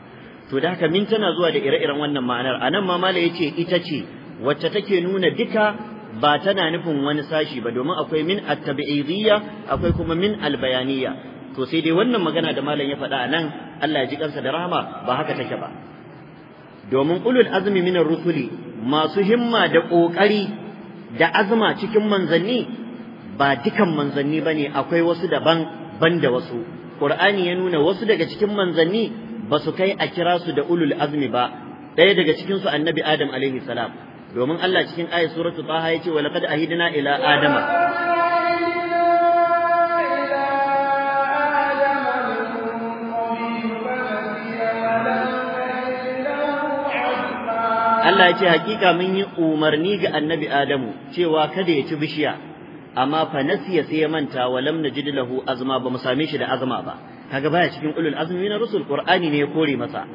to da haka min tana zuwa da ire-iren wannan ma'anar anan ma mala yace ita ce wacce take nuna duka ba tana nufin wani sashi ba domin akwai min at akwai kuma min al to sai dai wannan magana da malam ya faɗa a nan Allah ya ji kansa da rahama ba haka take ba domin ulul azmi minar rusuli masu himma da ƙoƙari da azma cikin manzanni ba dukan manzanni bane akwai wasu daban ban da wasu Qur'ani ya nuna wasu daga cikin manzanni ba su kai a kira su da ulul azmi ba ɗaya daga cikin su annabi Adam alaihi salam domin Allah cikin ayat suratul Taha yace wa laqad ahidna ila adama Allah ya ce hakika mun yi umarni ga annabi Adamu cewa kada ya ci bishiya amma fa nasiya sai ya manta wa lam najid lahu azma ba mu same shi da azma ba kaga baya cikin ulul azmi na rusul qur'ani ne ya kore masa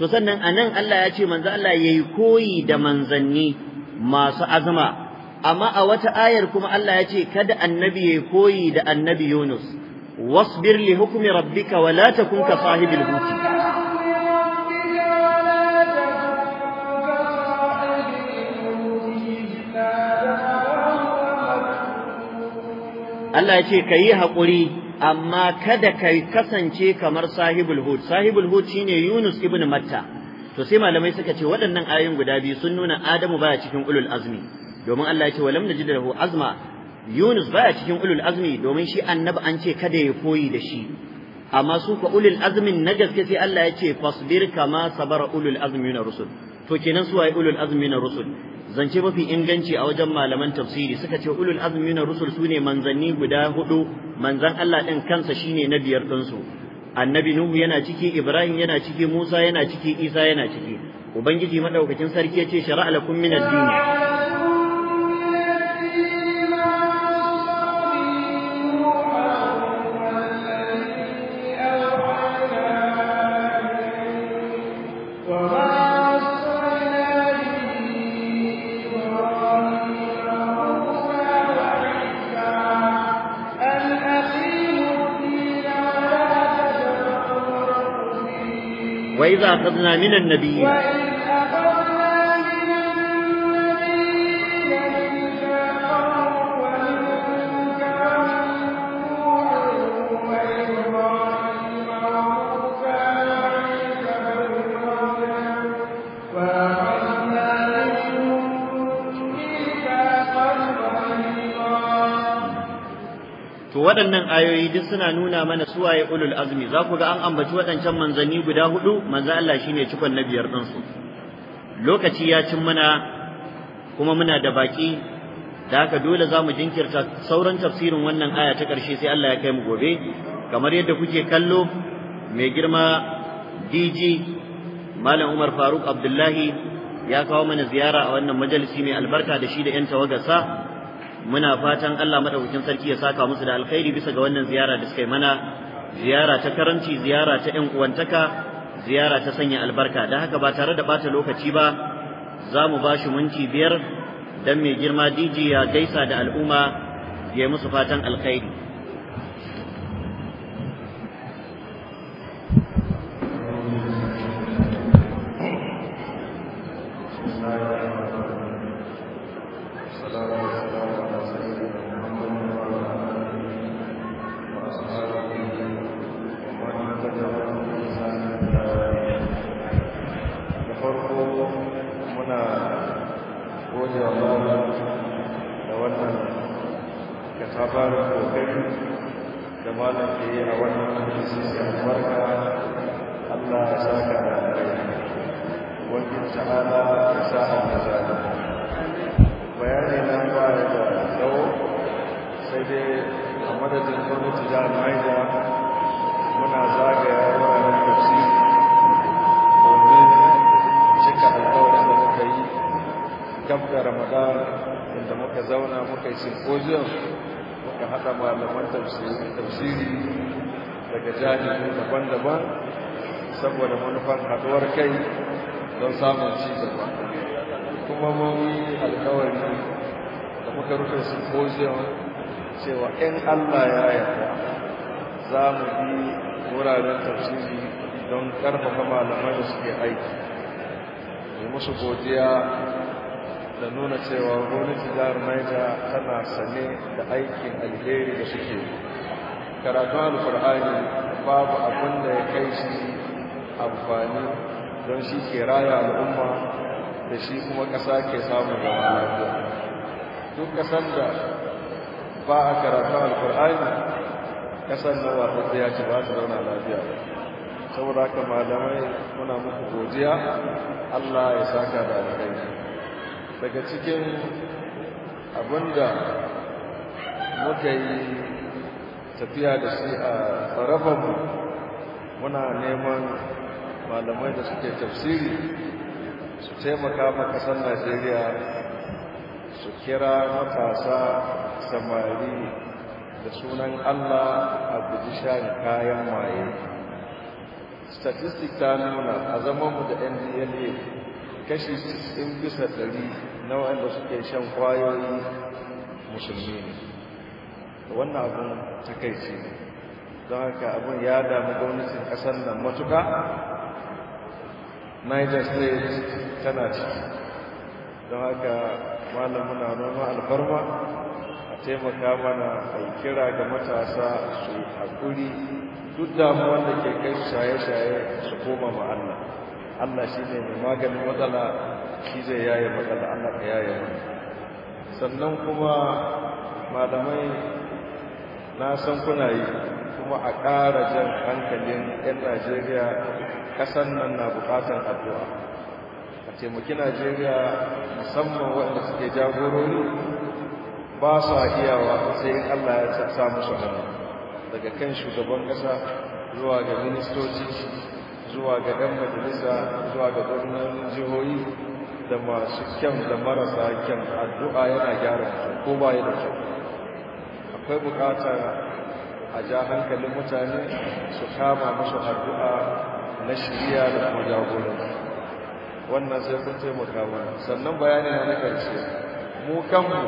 to sannan anan Allah ya ce manzo Allah yayi koyi da manzanni masu azma amma a wata ayar kuma Allah ya ce kada annabi yayi koyi da annabi Yunus wasbir li hukmi rabbika wa la takun ka sahibil huti Allah ya ce ka yi haƙuri amma kada ka kasance kamar sahibul hud sahibul hud shine Yunus ibn Matta to sai malamai suka ce waɗannan ayoyin guda biyu sun nuna Adamu baya cikin ulul azmi domin Allah ya ce walam najid lahu azma Yunus baya cikin ulul azmi domin shi annabi an ce kada ya koyi da shi amma su ka ulul azmin na gaske sai Allah ya ce fasbir kama sabara ulul azmi na rusul to kenan su waye ulul azmi na rusul zance mafi inganci a wajen malaman tafsiri suka ce ulul azmi na rusul sune manzanni guda hudu manzan Allah din kansa shine na biyar ɗinsu annabi nuhu yana ciki ibrahim yana ciki musa yana ciki isa yana ciki ubangiji madaukakin sarki ya ce shar'a lakum min ad-din أخذنا من النبيين waɗannan ayoyi duk suna nuna mana su waye ulul azmi za ku ga an ambaci waɗancan manzanni guda hudu manzo Allah shine cikon na biyar su lokaci ya cin mana kuma muna da baki da haka dole za mu jinkirta sauran tafsirin wannan aya ta ƙarshe sai Allah ya kai mu gobe kamar yadda kuke kallo mai girma DG Malam Umar Faruk Abdullahi ya kawo mana ziyara a wannan majalisi mai albarka da shi da 'yan tawagarsa muna fatan Allah madaukakin sarki ya saka musu da alkhairi bisa ga wannan ziyara da suka yi mana ziyara ta karanci ziyara ta ƴan uwantaka ziyara ta sanya albarka da haka ba tare da bata lokaci ba za mu ba shi minti biyar dan mai girma DJ ya gaisa da al'umma ya musu fatan alkhairi kai don samun ci gaba kuma mun alkawari da muka rufe symposium cewa in Allah ya yarda za mu bi wuraren tafsiri don karfafa malamai da suke aiki mai musu godiya da nuna cewa gwamnati jihar Niger tana sane da aikin alheri da suke karatun alkur'ani babu abin da ya kai shi amfani don shi ke raya al'umma da shi kuma ƙasa ke samun zama lafiya duk ƙasar da ba a karatu alkur'ani ƙasar na wata tsaya ce ba su zauna lafiya saboda haka malamai muna muku godiya allah ya saka da alkhairi daga cikin abinda muka yi tafiya da shi a tsarafanmu muna neman malamai da suke tafsiri su taimaka ma kasar najeriya su kira matasa samari da sunan allah a guji shan kayan maye statistic ta nuna a zamanmu da ndla kashi 90 bisa ɗari na wanda suke shan kwayoyi musulmi ne wannan abin takaici ne don haka abin ya damu gwamnatin ƙasar nan matuka niger state tana ciki don haka malam muna noma alfarma a taimaka mana a kira ga matasa su haƙuri duk damuwar da ke kai shaye-shaye su koma ma Allah Allah shi ne mai maganin matsala shi zai yaye matsala Allah ka yaye mana sannan kuma malamai na san kuna yi kuma a ƙara jan hankalin 'yan Najeriya Kasan nan na bukatar addu'a a taimaki najeriya musamman waɗanda suke jagorori ba su iyawa sai allah ya sa musu hannu daga kan shugaban ƙasa zuwa ga ministoci zuwa ga ɗan majalisa zuwa ga gwamnan jihohi da masu kyan da marasa kyan addu'a yana gyara ko ba da kyau akwai buƙatar a ja hankalin mutane su kama musu addu'a na shirya da kuma jagoranci wannan sai kun taimaka mana sannan bayani na na ƙarshe mu kanmu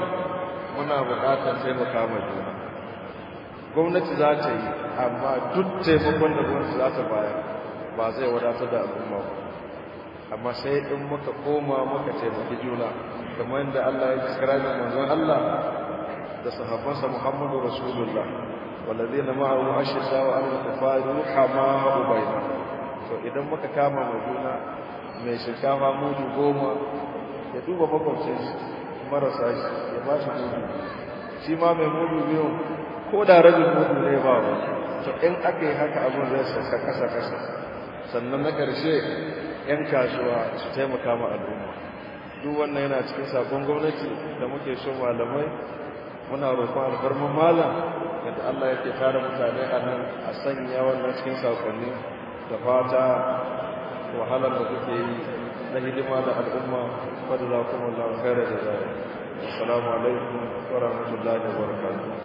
muna buƙatar taimaka ma juna gwamnati za ta yi amma duk taimakon da gwamnati za ta bayar ba zai wadatar da al'umma ba amma sai in muka koma muka taimaki juna kamar yadda Allah ya tsira da manzon Allah da sahabbansa Muhammadu Rasulullah والذين معه أشداء على الكفار رحماء بينهم to idan muka kama mai juna mai shinkafa mudu goma ya duba makwabcin marasa shi ya ba shi mudu shi ma mai mudu biyu ko da rabin mudu ne ba ba to in aka yi haka abin zai sassa kasa kasa sannan na karshe 'yan kasuwa su taimaka ma al'umma duk wannan yana cikin sakon gwamnati da muke so malamai muna roƙon alfarmar malam yadda Allah yake tara mutane a nan a sanya wannan cikin sakonni da fata wahalar da kuke yi na hidima da al'umma fadda za kuma lafiyar da zai assalamu alaikum wa rahmatullahi wa barakatuh